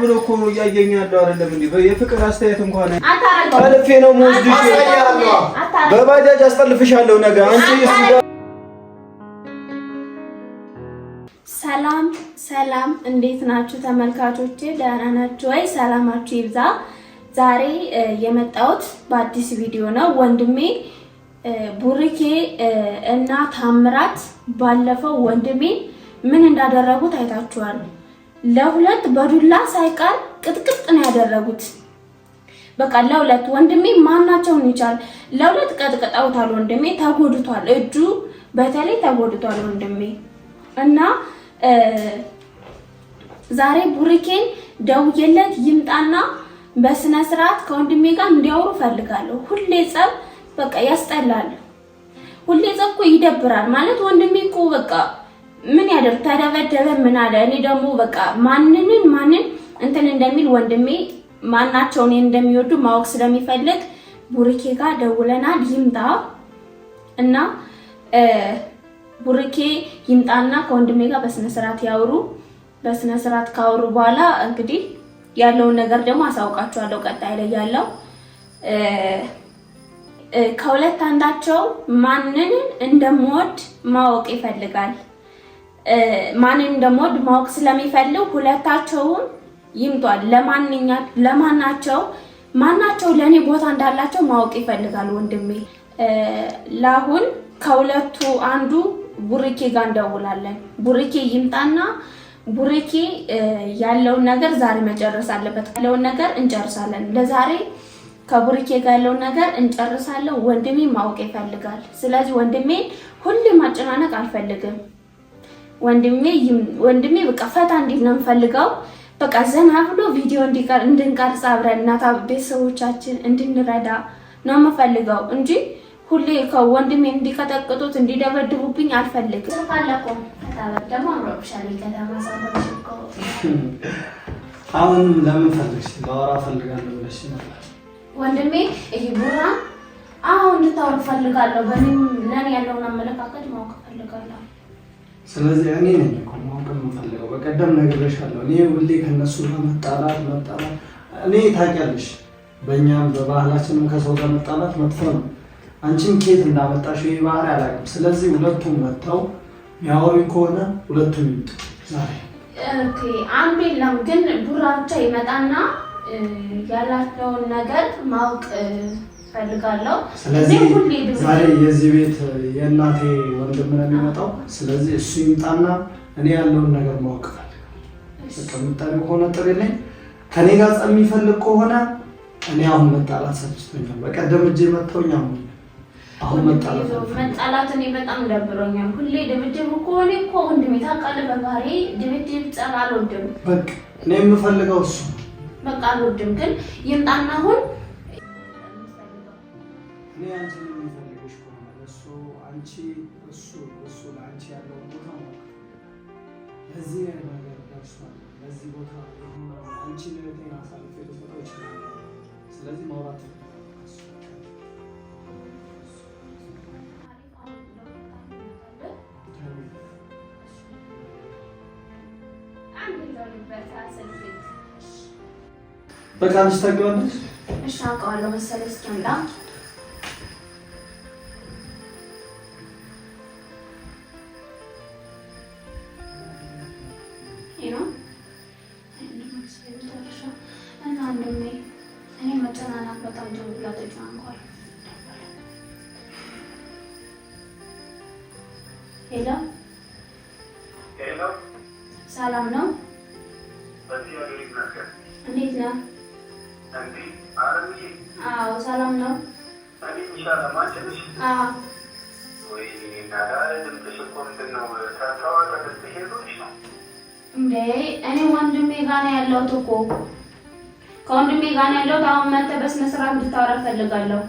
ብሎ እኮ ነው እያየኝ ያለው አይደለም እንዴ? የፍቅር አስተያየት እንኳን ጠልፌ ነው የምወስድሽ። በባጃጅ አስጠልፍሻለሁ ነገ አንቺ ሰላም ሰላም፣ እንዴት ናችሁ ተመልካቾቼ? ደህና ናችሁ ወይ? ሰላማችሁ ይብዛ። ዛሬ የመጣሁት በአዲስ ቪዲዮ ነው። ወንድሜ ቡርኬ እና ታምራት ባለፈው ወንድሜ ምን እንዳደረጉት አይታችኋል። ለሁለት በዱላ ሳይቀር ቅጥቅጥ ነው ያደረጉት። በቃ ለሁለት ወንድሜ ማናቸውን ይቻል ለሁለት ቀጥቅጠውታል። ወንድሜ ተጎድቷል፣ እጁ በተለይ ተጎድቷል ወንድሜ እና ዛሬ ቡርኬን ደውዬለት ይምጣና በስነ ስርዓት ከወንድሜ ጋር እንዲያወሩ ፈልጋለሁ። ሁሌ ጸብ በቃ ያስጠላል። ሁሌ ጸብ እኮ ይደብራል ማለት ወንድሜ እኮ በቃ ምን ያደርግ ተደበደበ፣ ምን አለ። እኔ ደግሞ በቃ ማንንን ማንን እንትን እንደሚል ወንድሜ ማናቸው እኔን እንደሚወዱ ማወቅ ስለሚፈልግ ቡርኬ ጋር ደውለናል። ይምጣ እና ቡርኬ ይምጣና ከወንድሜ ጋር በስነ ስርዓት ያውሩ። በስነ ስርዓት ካወሩ በኋላ እንግዲህ ያለውን ነገር ደግሞ አሳውቃችኋለሁ። ቀጣይ ላይ ያለው ከሁለት አንዳቸው ማንንን እንደምወድ ማወቅ ይፈልጋል። ማንን እንደምወድ ማወቅ ስለሚፈልግ ሁለታቸውም ይምጧል። ለማናቸው ማናቸው ለእኔ ቦታ እንዳላቸው ማወቅ ይፈልጋል ወንድሜ። ለአሁን ከሁለቱ አንዱ ቡሪኬ ጋር እንደውላለን። ቡሪኬ ይምጣና ቡሪኬ ያለውን ነገር ዛሬ መጨረስ አለበት። ያለውን ነገር እንጨርሳለን። ለዛሬ ከቡሪኬ ጋር ያለውን ነገር እንጨርሳለን። ወንድሜ ማወቅ ይፈልጋል። ስለዚህ ወንድሜን ሁሌ ማጨናነቅ አልፈልግም። ወንድሜ በቃ ፈታ እንዲል ነው የምፈልገው። በቃ ዘና ብሎ ቪዲዮ እንድንቀርጽ አብረን እናታ ቤተሰቦቻችን እንድንረዳ ነው የምፈልገው እንጂ ሁሌ ከወንድሜ እንዲቀጠቅጡት እንዲደበድቡብኝ አልፈልግም። አሁን ለምን ፈልግሽ ለወራ ፈልጋለሁ ብለሽ ወንድሜ ይህ ቡራ አሁን እንድታወር ፈልጋለሁ። በምን ለን ያለውን አመለካከት ማወቅ ፈልጋለሁ። ስለዚህ እኔ ነኝ እኮ ማወቅ የምፈልገው። በቀደም ነግሬሻለሁ። እኔ ሁሌ ከነሱ ጋር መጣላት መጣላት እኔ ታውቂያለሽ፣ በእኛም በባህላችንም ከሰው ጋር መጣላት መጥፎ ነው። አንቺን ኬት እንዳመጣሽ ይህ ባህሪ አላውቅም። ስለዚህ ሁለቱም መጥተው ሚያወሩ ከሆነ ሁለቱም ይምጡ አንዱ የለም ግን ቡራ ብቻ ይመጣና ያላቸውን ነገር ማወቅ ፈልጋለሁ። ስለዚህ ዛሬ የዚህ ቤት የእናቴ ወንድም ነው የሚመጣው። ስለዚህ እሱ ይምጣና እኔ ያለውን ነገር ማወቅ ፈልጋለሁ። ከሆነ ጥሪልኝ። ከኔ ጋር ጸብ የሚፈልግ ከሆነ እኔ አሁን መጣላት ሰብስቶኛል። በቀደም እጄ መጥተውኝ አሁን መጣላት መጣላት እኔ በጣም ደብሮኛል። ሁሌ ድብድብ ከሆነ እኮ ወንድሜ ታውቃለህ፣ በባህሪ ድብድብ ጸብ አልወድም። በቃ እኔ የምፈልገው እሱ በቃ አልወድም፣ ግን ይምጣና አሁን እኔ አንቺን የሚፈልግሽ ከሆነ እሱ አንቺ እሱ እሱ ለአንቺ ያለውን ቦታ ነው። ለዚህ ነገር ደርሷል። ለዚህ ቦታ አንቺ ለጤና ሳልፍ የተሰጠ ይችላል። ስለዚህ ማውራት በቃ አንቺ ታገባለሽ። እሺ አውቀዋለሁ መሰለኝ እስኪ አምጣ ነው እና መጨናናት በጣም ጀምላ ተጨናንቋል። ተጫወቱ እኮ ከወንድሜ ጋር ነው ያለሁት። አሁን መተህ በስነ ስርዓት እንድታወራ ነው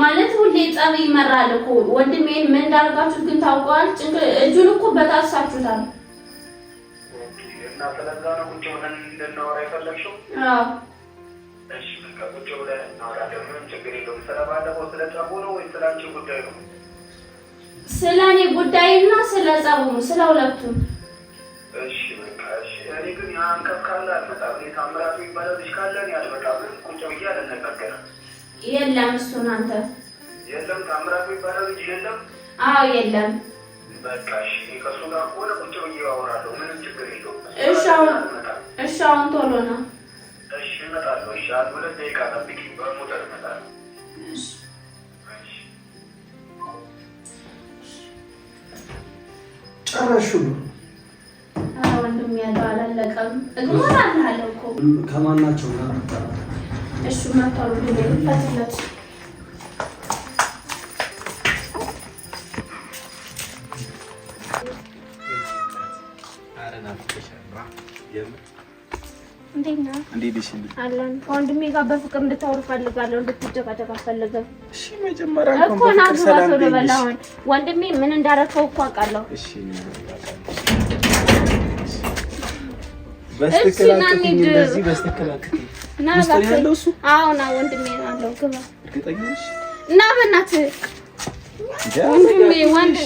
ማለት ሁሌ ጸብ ይመራል እኮ ወንድሜ። ምን እንዳደርጋችሁት ግን ታውቀዋል። እጁን እኮ በታሳችሁታል። ቁጭ ብለን እናወራለን። ምን ችግር የለውም። ስለባለፈው ስለ ጸቡ ነው ወይ ስለ ጉዳይ ነው? ስለ እኔ ጉዳይና ስለ ጸቡ ስለ ሁለቱም እሺ እሺ። እኔ ግን ካለ አልመጣም። እኔ ታምራት የሚባለው ልጅ ካለ ቁጭ ብዬ የለም እሱን አንተ የለም ታምራት የሚባለው ልጅ የለም። አዎ የለም። በቃ እሺ፣ ከእሱ ጋር ከሆነ ቁጭ ብዬ አወራለሁ። ምንም ችግር የለውም። እሺ አሁን ቶሎ ነው። እሺ እመጣለሁ። እሺ አሁን ሁለት ደቂቃ ጠብቂኝ፣ በሞተር እመጣለሁ። ጨረሹ ነው። ወንድም ያለው አላለቀም። እግሞ አላለሁ ከማናቸው ና እሱ መቷል። ወንድም ፈትለት ከወንድሜ ጋር በፍቅር እንድታወሩ ፈልጋለሁ። እንድትጨቃጨቅ አልፈልግም እኮ ናግባቶ ልበል። አሁን ወንድሜ ምን እንዳረከው እኮ አውቃለሁ። ና ወንድሜ አለው ግባ እና በእናትህ ወንድሜ ወንድ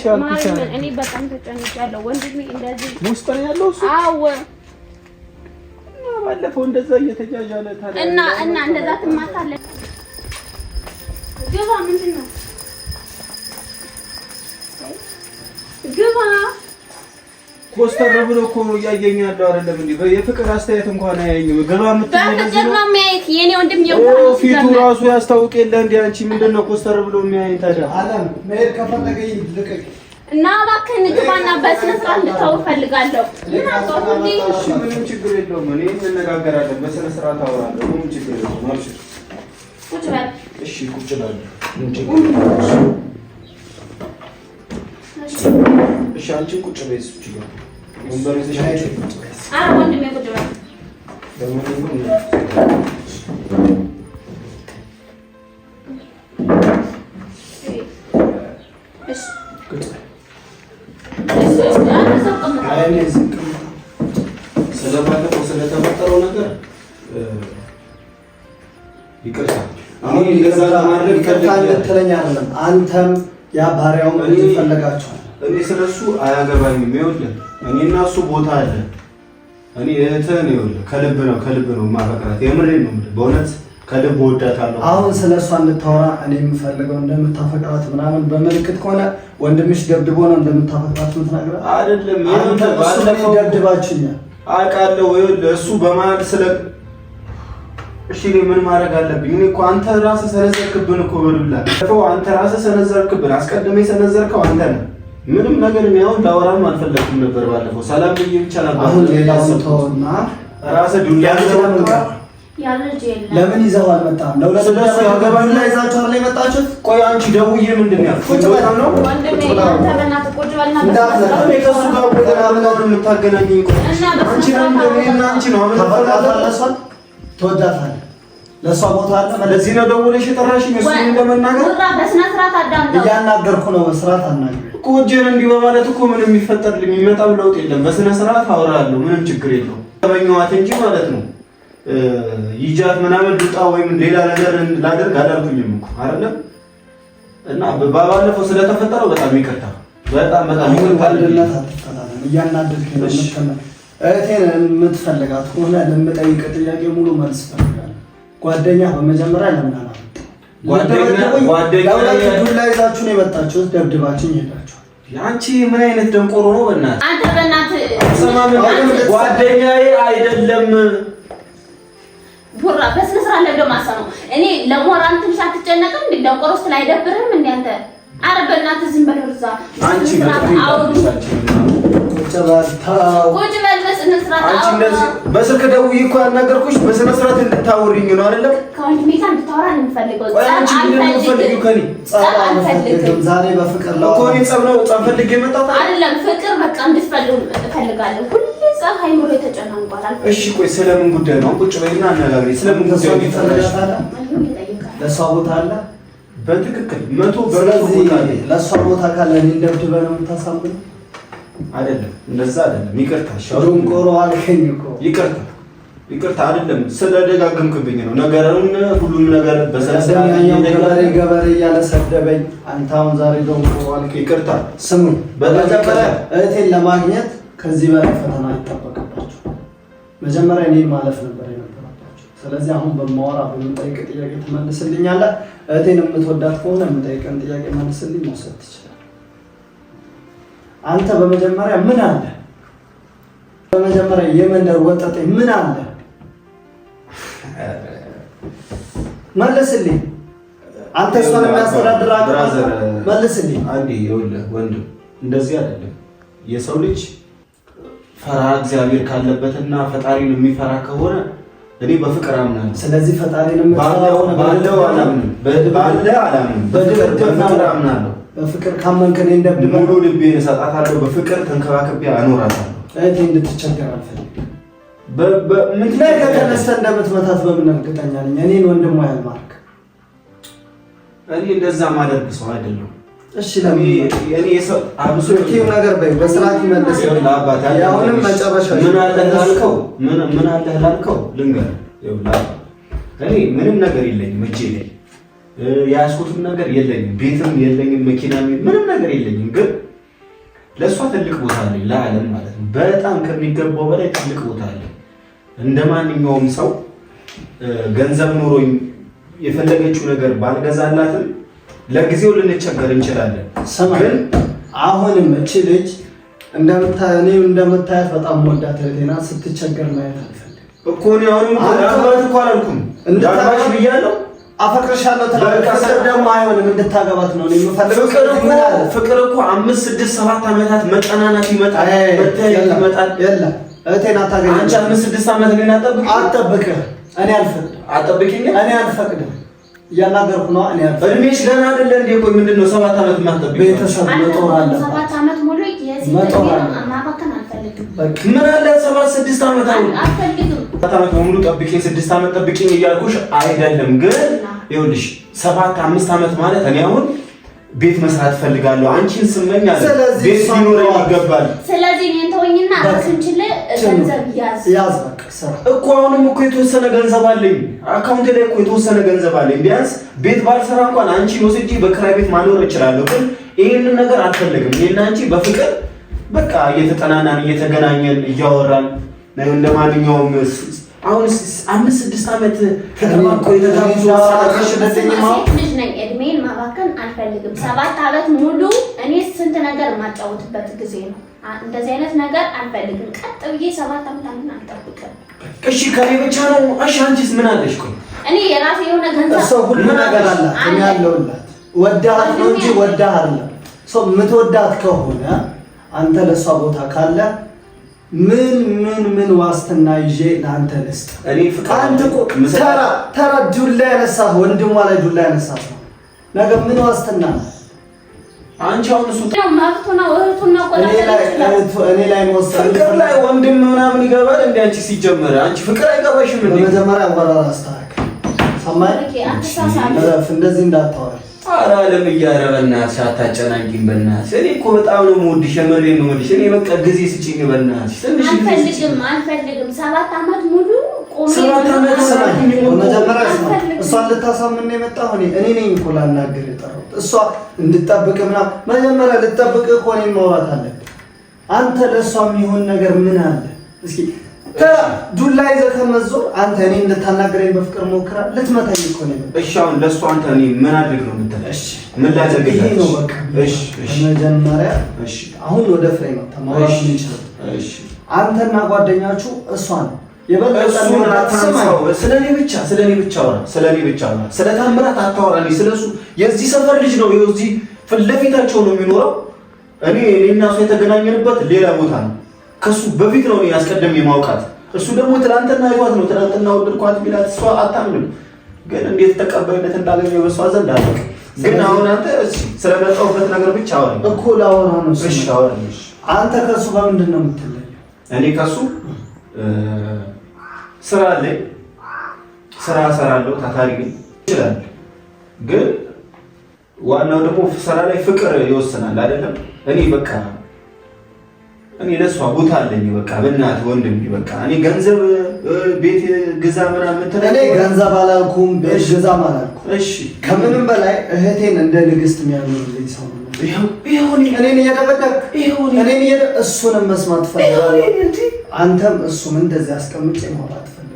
እኔ በጣም ተጨንቄያለሁ። ወንድሜ እንደዚህ ባለፈው እንደዛ እየተጃጃለ ታዲያ እና እና እንደዛ ትማታለ ግባ። ምንድን ነው ግባ። ኮስተር ብሎ እኮ ነው እያየኝ ያለው አይደለም እንዴ? የፍቅር አስተያየት እንኳን አያየኝም። ግባ የምትለው በጀርባ የሚያየት የኔ ወንድም የእንኳን ፊቱ ራሱ ያስታውቅ የለ እንዴ? አንቺ ምንድን ነው ኮስተር ብሎ የሚያየኝ ታዲያ? አላም መሄድ ከፈለገኝ ልቀቅ እና እባክህን ግባና በስነ ስርዓት እንድታው እፈልጋለሁ። ምን አውቀው እንዴ? እሺ፣ ምንም ችግር የለውም። እኔ እንነጋገራለን። በስነ ስርዓት አወራለሁ። ምንም ችግር የለውም። አልሽ ቁጭ በል። እሺ፣ ቁጭ በል። ምንም ችግር የለውም። እሺ፣ አንቺን ቁጭ በይ። እሱ ችግር ወንበር ይዘሽ ቁጭ በይ። ኧረ ወንድሜ ቁጭ በል። ባለፈው ስለተፈጠረው ነገር ይቅርታ። አሁን እንደዛ ለማድረግ ይቅርታ ልትለኝ አይደለም፣ አንተም ያ ባሪያውም እንፈልጋቸዋል። እኔ ስለሱ አያገባኝም። ይኸውልህ እኔ እሱ ቦታ አለ። እኔ እህትህን ይኸውልህ ከልብ ነው ከልብ ነው የማፈቅራት። የምሬን ነው በእውነት ከልብ ወዳታለሁ። አሁን ስለ እሷ እንታወራ። እኔ የምፈልገው እንደምታፈቅራት ምናምን በምልክት ከሆነ ወንድምሽ ደብድቦ ነው እንደምታፈቅራት ምትናገረ አይደለም። ደብድባችኛል አውቃለሁ። እሱ በመሀል ስለ እሺ ምን ማድረግ አለብኝ? እኔ እኮ አንተ ራስህ ሰነዘርክብን እኮ በዱላ አንተ ራስህ ሰነዘርክብን። አስቀድሜ ሰነዘርከው አንተ ነህ። ምንም ነገር የሚያውን ላወራም አልፈለኩም ነበር። ባለፈው ሰላም ብዬ ብቻ ነበር። አሁን ሌላ ሰው ተወና ራስህ ዱላ ለምን ይዘው አልመጣም? ለሁለት ደስ ያገባኝ ላይ ይዛችሁ አይደል የመጣችሁት? ቆይ አንቺ ደውዬ ምንድን ነው ያልኩት? ቁጭ በል ነው ወንድሜ፣ አንተ በእናትህ ቁጭ በል እና ከእሱ ጋር ወደ አመታት ነው የምታገናኘኝ። ቆይ አንቺ ነው እና አንቺ ነው አመለሰን ትወዳታለህ። ለእሷ ቦታ አለ። ለዚህ ነው ደውለሽ የጠራሽኝ? እሱን ለመናገር በስነ ስርዓት አዳምጣው። እያናገርኩ ነው። በስርዓት አናግሪ እኮ እጄን እንዲህ በማለት እኮ ምንም የሚፈጠር የሚመጣው ለውጥ የለም። በስነ ስርዓት አውራለሁ፣ ምንም ችግር የለውም። ተመኘኋት እንጂ ማለት ነው ይጃት ምናምን ልውጣ ወይም ሌላ ነገር ላደርግ አላልኩኝም እኮ አይደለም። እና ባለፈው ስለተፈጠረው በጣም ይቅርታ፣ በጣም በጣም ይቅርታ። እያናደድከኝ ነው የምትቀመጥ እህቴን የምትፈልጋት ከሆነ ለምጠይቅ ጥያቄ ሙሉ መልስ ፈልጋለሁ። ጓደኛ በመጀመሪያ ለምን አላ ጓደኛ ይዛችሁን የመጣችሁት ደብድባችሁን ይሄዳችኋል። አንቺ ምን አይነት ደንቆሮ ነው? በእናትህ አንተ በእናትህ ጓደኛዬ አይደለም ቡራ በስነ ስርዓት ላይ ደግሞ አሰማው። እኔ ለሞራል ትንሽ አትጨነቅም? እንደ ደንቆሮስ ላይ አይደብርህም? እንዴ አንተ ኧረ በእናትህ ዝም በል እዛ አንቺ ነው በስልክ ደውዬ እኮ ያናገርኩሽ በስነ ስርዓት እንድታወሪኝ ነው አይደለም? ዛሬ በፍቅር ፈልግ የመጣሁት አይደለም። ፍቅር በቃ እንድትፈልግ እፈልጋለሁ። እሺ ቆይ፣ ስለምን ጉዳይ ነው? ቁጭ በይና አነጋግሪ። ስለምን ጉዳይ ለእሷ ቦታ አለ በትክክል መቶ። ስለዚህ ለእሷ ቦታ ካለ እንደብድበ ነው የምታሳምነው አይደለም እንደዛ አይደለም። ይቅርታ ዶንቆሮ አልከኝ እኮ ይቅርታ ይቅርታ አይደለም። ነው ነገርን ነገር ገበሬ ገበሬ እያለ ሰደበኝ። አንተ አሁን ዛሬ ዶንቆሮ አልከኝ። ይቅርታ ስሙ። እህቴን ለማግኘት ከዚህ በላይ ፈተና ይጠበቅባችሁ። መጀመሪያ እኔን ማለፍ ነበር የነበረባችሁ። ስለዚህ አሁን በማወራ በምጠይቅ ጥያቄ ትመልስልኛለህ። እህቴን የምትወዳት ከሆነ የምጠይቀን ጥያቄ መልስልኝ። መውሰድ አንተ በመጀመሪያ ምን አለ? በመጀመሪያ የመንደር ወጠጤ ምን አለ? መልስልኝ። አንተ እሷን የሚያስተዳድር ብራዘር፣ መልስልኝ። አንዴ ይኸውልህ ወንድም፣ እንደዚህ አይደለም። የሰው ልጅ ፈራ እግዚአብሔር ካለበትና ፈጣሪን የሚፈራ ከሆነ እኔ በፍቅር አምናለሁ። ስለዚህ ፈጣሪን ባለው አላምንም፣ በድል አላምንም፣ በፍቅር አምናለሁ። ፍቅር ካመንከን እንደብ ሙሉ ልቤ እሰጣታለሁ። በፍቅር ተንከባከቤ አኖራታለሁ። እህቴ እንድትቸገር አልፈልግም። ምክንያት ከተነስተ እንደምትመታት በምን እርግጠኛ ነኝ? እኔን ወንድሟ ያልማርክ እኔ እንደዛ ማደርግ ሰው አይደለም። እሺ ለሚእኔ ነገር በይ በስርዓት ይመለስ። አሁንም መጨረሻ ምን አለህ ላልከው ምን አለህ ላልከው ልንገርህ፣ እኔ ምንም ነገር የለኝም እጄ ላይ የያዝኩትም ነገር የለኝም፣ ቤትም የለኝም፣ መኪናም ምንም ነገር የለኝም። ግን ለእሷ ትልቅ ቦታ አለኝ፣ ለዓለም ማለት ነው። በጣም ከሚገባው በላይ ትልቅ ቦታ አለኝ። እንደ ማንኛውም ሰው ገንዘብ ኖሮኝ የፈለገችው ነገር ባልገዛላትም ለጊዜው ልንቸገር እንችላለን። ግን አሁንም እቺ ልጅ እንደምታያት በጣም ወዳት ቴና ስትቸገር ማየት አልፈልግም እኮ አሁንም እኮ ዳግማሽ ብያለሁ አፈቅርሻለሁ ተላልከሰብ ደግሞ አይሆንም። እንድታገባት ነው እኔ የምፈልገው። ፍቅር እኮ አምስት ስድስት ሰባት ዓመታት መጠናናት ይመጣል፣ መተያየት ይመጣል። የለም እህቴን አታገኝ። አንቺ አምስት ስድስት ዓመት ግን አጠብቅ አጠብቅህ እኔ አልፈቅድም። አጠብቂኝ እኔ አልፈቅድም። እያናገርኩ ነው። እኔ አልፈቅድም። እድሜሽ ገና አይደለ እንዴ? ቆይ ምንድን ነው ሰባት ዓመት የማትጠብቂው? ቤተሰብ መጦር አለባት። ሰባት ዓመት ሙሉ ምን አለ ሰባት ስድስት ዓመት ዓመት ጠብቂኝ፣ ስድስት ዓመት ጠብቂኝ እያልኩሽ አይደለም። ግን ይኸውልሽ ሰባት አምስት ዓመት ማለት እኔ አሁን ቤት መስራት እፈልጋለሁ፣ አንቺን ስመኝ ቤት ሊኖረኝ ይገባል። ስለዚህ እኔን ተወኝና ገንዘብ ያዝ እኮ አሁንም እኮ የተወሰነ ገንዘብ አለኝ፣ አካውንት ላይ እኮ የተወሰነ ገንዘብ አለኝ። ቢያንስ ቤት ባልሰራ እንኳን አንቺን ወስጄ በክራይ ቤት ማኖር እችላለሁ። ግን ይህንን ነገር አልፈልግም። ይህን አንቺ በፍቅር በቃ እየተጠናናን እየተገናኘን እያወራን እንደ ማንኛውም አሁን አምስት ስድስት ዓመት ተጠባቆ የተጋዙልጅ ነኝ። እድሜን ማባከን አልፈልግም። ሰባት ዓመት ሙሉ እኔ ስንት ነገር የማጫወትበት ጊዜ ነው። እንደዚህ አይነት ነገር አልፈልግም። ቀጥ ብዬ ሰባት ዓመት ዓመት አልጠብቅም። እሺ ከኔ ብቻ ነው። እሺ አንቺስ ምን አለሽ? እኔ የራሴ የሆነ ገንዘብ ሁሉ ነገር አላት ያለውላት ወዳሃት ነው እንጂ ሰው የምትወዳት ከሆነ አንተ ለእሷ ቦታ ካለ ምን ምን ምን ዋስትና ይዤ ለአንተ ልስጥ? አንተ እኮ ተራ ተራ ዱላ ያነሳ ወንድሟ ላይ ዱላ ያነሳ ነገ ምን ዋስትና ነው? አንቺ አሁን እሱ እኔ ላይ መወሰን ፍቅር ላይ ወንድም ምናምን ይገባል እንዴ? አንቺ ሲጀመር አንቺ ፍቅር አይገባሽም እንዴ? በመጀመሪያ አወራር አስተካክል። ሰማይ እንደዚህ እንዳታወራ ኧረ አለምዬ፣ ኧረ በእናትሽ አታጨናንቂኝ። በእናትሽ እኔ እኮ በጣም ነው የምወድሽ፣ የምሬ ነው የምወድሽ። እኔ በቃ ጊዜ ስጪኝ በእናትሽ። አልፈልግም፣ አልፈልግም። ሰባት ዓመት ሙሉ ሰባት እሷ እንድጠብቅ ምናምን መጀመሪያ እኮ ማውራት አንተ ለእሷ የሚሆን ነገር ምን አለ እስኪ ዱላ ይዘህ ተመዞ አንተ እኔ እንድታናግረኝ በፍቅር ሞክራ ልትመታኝ እኮ ነው። እሺ አሁን ለእሱ አንተ እኔ ምን አድርግ ነው የምትለው? እሺ ምን ላደርግልህ ነው? በቃ እሺ እሺ፣ መጀመሪያ እሺ፣ አሁን ወደ ፍሬ ነው ተማሪሽ ይችላል። እሺ አንተና ጓደኛችሁ እሷ ነው ስለኔ ብቻ ስለኔ ብቻ ስለኔ ብቻ ስለ ታምራት ስለሱ የዚህ ሰፈር ልጅ ነው፣ የዚህ ፊት ለፊታቸው ነው የሚኖረው። እኔ እኔና እሱ የተገናኘንበት ሌላ ቦታ ነው ከሱ በፊት ነው ያስቀደም የማውቃት እሱ ደግሞ ትናንትና ይዋት ነው ትናንትና ወደድኳት ቢላት እሷ አታምንም። ግን እንዴት ተቀባይነት እንዳገኘ በሷ ዘንድ አለቅ። ግን አሁን አንተ ስለመጣሁበት ነገር ብቻ አወራ እኮ ለአወራ ነው። እሺ እሺ አንተ ከሱ ጋር ምንድን ነው የምትለኝ? እኔ ከሱ ስራ አለኝ፣ ስራ እሰራለሁ። ታታሪ ግን ይችላል። ግን ዋናው ደግሞ ስራ ላይ ፍቅር ይወስናል አይደለም። እኔ በቃ እኔ ለእሷ ቦታ አለኝ። በቃ በእናትህ ወንድም በቃ እኔ ገንዘብ ቤት ግዛ ምናምን እኔ ገንዘብ አላልኩም፣ ቤት ግዛ አላልኩም። እሺ ከምንም በላይ እህቴን እንደ ንግስት የሚያምርልኝ ሰው እኔን እየደበደብክ እሱንም መስማት ፈልጋለሁ። አንተም እሱም እንደዚህ አስቀምጬ ማውራት ፈልጋለሁ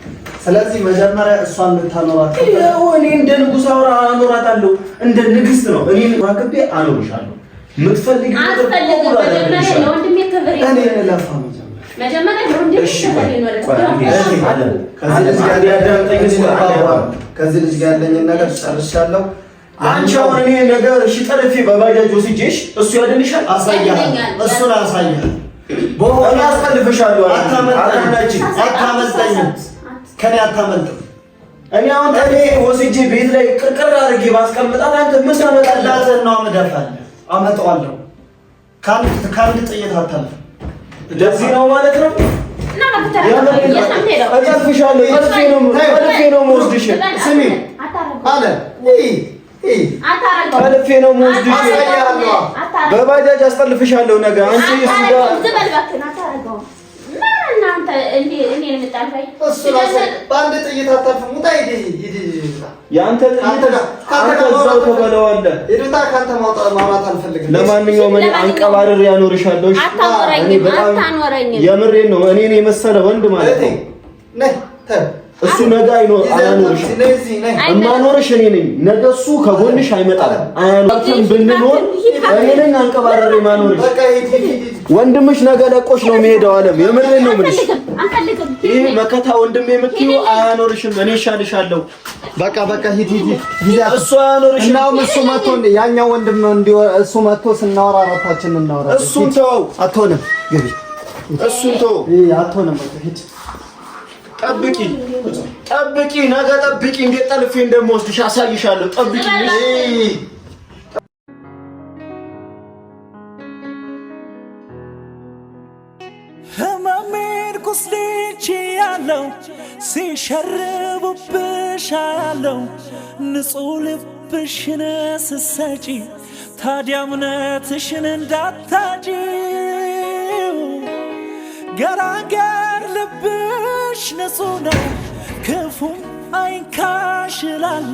ስለዚህ መጀመሪያ እሷን ልታኖራት እኔ እንደ ንጉሥ አውራ አኖራታለሁ። እንደ ንግስት ነው እኔ ማክቤ አኖርሻለሁ። ምትፈልግ ከዚህ ልጅ ጋር ያለኝን ነገር ጨርሻለሁ። አንቺ አሁን እኔ ነገር እሺ፣ ጠርፌ በባጃጅ ወስጄሽ እሱ ያድንሻል። አሳያለሁ፣ እሱን አሳያለሁ። በኋላ አታመጣኝ አታመጣኝ ከኔ አታመልጥም። እኔ አሁን እኔ ወስጄ ቤት ላይ ቅርቅር አድርጌ ባስቀምጣት አንተ ምን ሳመጣላት ነው? አመጣፋለሁ፣ አመጣዋለሁ። ካንተ ካንተ ጥይት አታልፍ። እንደዚህ ነው ማለት ነው። በባጃጅ አስጠልፍሻለሁ ነገ አንቺ እሱ ጋር በአንድ ጥይት አታልፍም። ውጣ የአንተ ጥይት አንተ እዛው ትበለዋለህ። ሂዱታ ከአንተ ማውራት አልፈልግም። ለማንኛውም እኔ አንቀባርር ያኖርሻለሁ። የምሬን ነው። እኔን የመሰለ ወንድ ማለት ነው እሱ ነገ አያኖርሽ። እማኖርሽ እኔ ነኝ። ነገ እሱ ከጎንሽ አይመጣም። አያኖርሽም ብንኖር እኔ ነኝ አንቀባረር ማኖርሽ ወንድምሽ ነገ ለቆሽ ነው የሚሄደው። አለም የምሬን ነው የምልሽ። ይህ መከታ ወንድም የምትይው አያኖርሽም። እኔ እሻልሻለሁ። በቃ በቃ ሂድ ሂድ። እሱ አያኖርሽም። እናውም እሱ መቶ ያኛው ወንድም ነው እንዲሁ እሱ መቶ ስናወራ አራታችን እናወራ። እሱ ተው፣ አትሆንም። ግቢ። እሱ ተው፣ አትሆንም። በቃ ሂድ። ጠብቂ ጠብቂ፣ ነገ ጠብቂ። እንዴት ጠልፌ እንደምወስድሽ አሳይሻለሁ። ጠብቂ አለው ሲሸርቡብሽ አለው ንጹሕ ልብሽን ስሰጪ ታዲያ እምነትሽን እንዳታጪ ገራገር ልብሽ ንጹሕ ነው ክፉም አይንካሽላል